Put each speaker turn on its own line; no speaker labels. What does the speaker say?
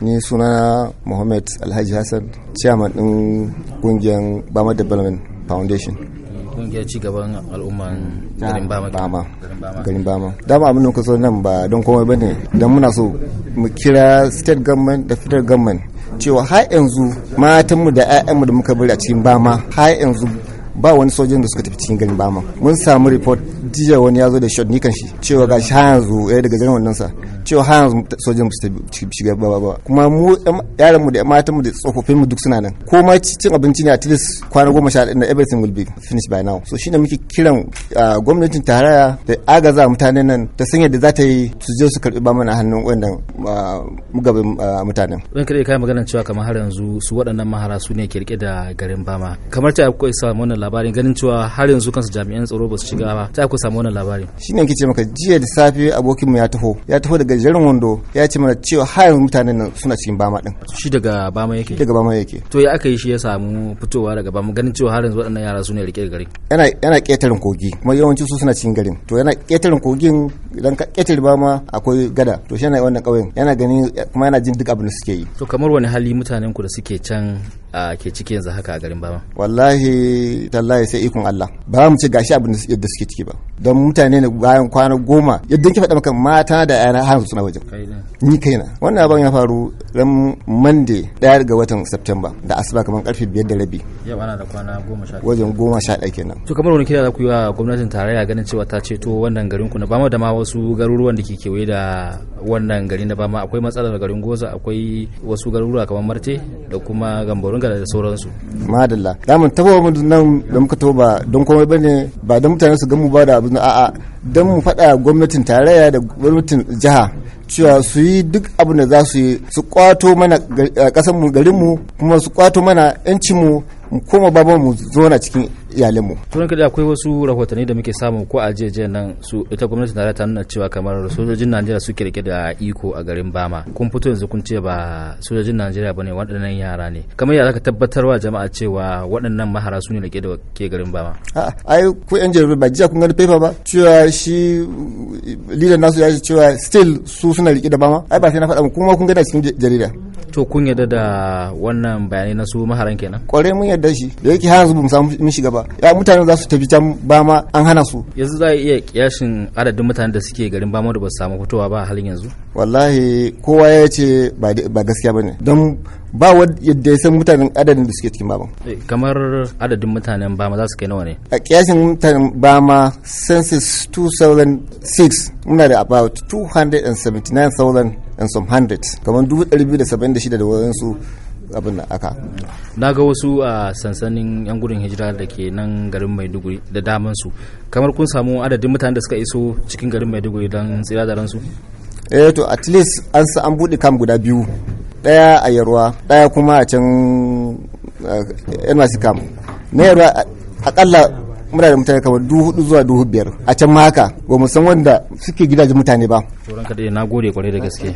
ni suna Mohammed Alhaji Hassan chairman din kungiyar Bama Development Foundation
kungiyar ci gaban al'umman ah, garin Bama
garin Bama dama abin da kusa nan ba don komai ne don muna so mu kira state government da federal government cewa har yanzu matanmu da 'ya'yanmu da muka bari a cikin bama har yanzu ba wani sojin da suka tafi cikin garin bama mun samu report jiya wani ya zo da shot nikan shi cewa ga shi har yanzu ɗaya eh, daga jiran wannan sa cewa har yanzu sojin su tafi shiga ba ba kuma mu yaran mu da matan mu da tsofaffin mu duk suna nan ko ma cin abinci ne at least kwana goma sha ɗaya everything will be finished by now so ne muke kiran ah, gwamnatin tarayya da agaza mutanen nan ta sanya da za ta yi su je su karɓi ba mana hannun wannan ah, mugabin ah, mutanen.
Zan kare kai maganar cewa kamar har yanzu su waɗannan mahara su ne ke da garin bama kamar ta akwai samu wannan labarin ganin cewa har yanzu kansu jami'an tsaro ba su shiga ba ta ku samu wannan labarin
shine kike maka jiya da safe abokinmu ya taho ya taho daga jarin wando ya ce mana cewa har yanzu mutanen nan suna cikin bama din shi daga bama yake daga bama yake
to ya aka yi shi ya samu fitowa daga bama ganin cewa har yanzu waɗannan yara su ne rike garin
yana yana ketarin kogi kuma yawanci su suna cikin garin to yana ketarin kogin idan ka ketare ba ma akwai gada to shi yana wannan ƙauyen yana gani kuma yana jin duk abin da suke yi
to kamar wani hali mutanen ku da suke can a ke ciki yanzu haka a garin bama
wallahi tallahi sai ikon Allah ba mu ce gashi abin yadda suke ciki ba don mutane ne bayan kwana goma yadda ki faɗa maka mata da yana har suna wajen ni kaina wannan abin ya faru ran mande daya ga watan september da asuba kamar karfe biyar da rabi
yau ana da kwana goma
sha wajen goma sha ɗaya kenan
to kamar wani kira za ku yi wa gwamnatin tarayya ganin cewa ta ceto wannan garin ku na ma da ma wasu wasu garuruwan da ke kewaye da wannan gari na bama akwai matsalar garin goza akwai wasu garuruwa kamar marte da kuma gambarin da sauransu
madalla damun taba mu nan da muka taba don komai bane ba don mutane su mu ba da abin a'a don mu faɗa gwamnatin tarayya da gwamnatin jiha cewa su yi duk abu da za su yi su kwato mana kasar mu garin mu kuma su kwato mana 'yancin mu mu koma baban mu zo na cikin iyalinmu.
tunan da akwai wasu rahotanni da muke samu ko a jeje nan su ita gwamnati na ta nuna cewa kamar sojojin najeriya suke rike da iko a garin bama kun fito yanzu kun ce ba sojojin najeriya bane waɗannan yara ne kamar ya zaka tabbatarwa jama'a cewa waɗannan mahara su ne rike da ke garin bama.
ai ku yan jaridu ba jiya kun gani paper ba cewa shi leader nasu ya ce cewa still su suna rike da bama ai ba sai na faɗa kuma kun gani a cikin jarida.
to kun yarda da wannan bayanai na su maharan kenan
kware mun yadda shi da yake har mu samu mun shiga ba ya mutane za su tafi can ba ma an hana su
yanzu za a iya kiyashin adadin mutanen da suke garin ba da ba su samu fitowa ba a halin yanzu
wallahi kowa ya ce ba gaskiya bane don ba yadda ya san mutanen adadin da suke cikin bama
eh, kamar adadin mutanen bama za su kai nawa ne
a kiyashin mutanen bama census 2006 muna da about 279,000 and some hundred kamar 276 da wayansu abin da aka
na ga wasu a sansanin yan gudun hijira da ke nan garin maiduguri da daman su kamar kun samu adadin mutanen da suka iso cikin garin maiduguri don tsira da ransu
eh to at least an sa an bude kam guda biyu daya a yarwa daya kuma a can eh, yan kam na yarwa akalla muna da mutane kamar duhu hudu zuwa duhu biyar a can ma haka ba mu san wanda suke gidajen mutane ba.
kaɗai na gode kwarai da gaske.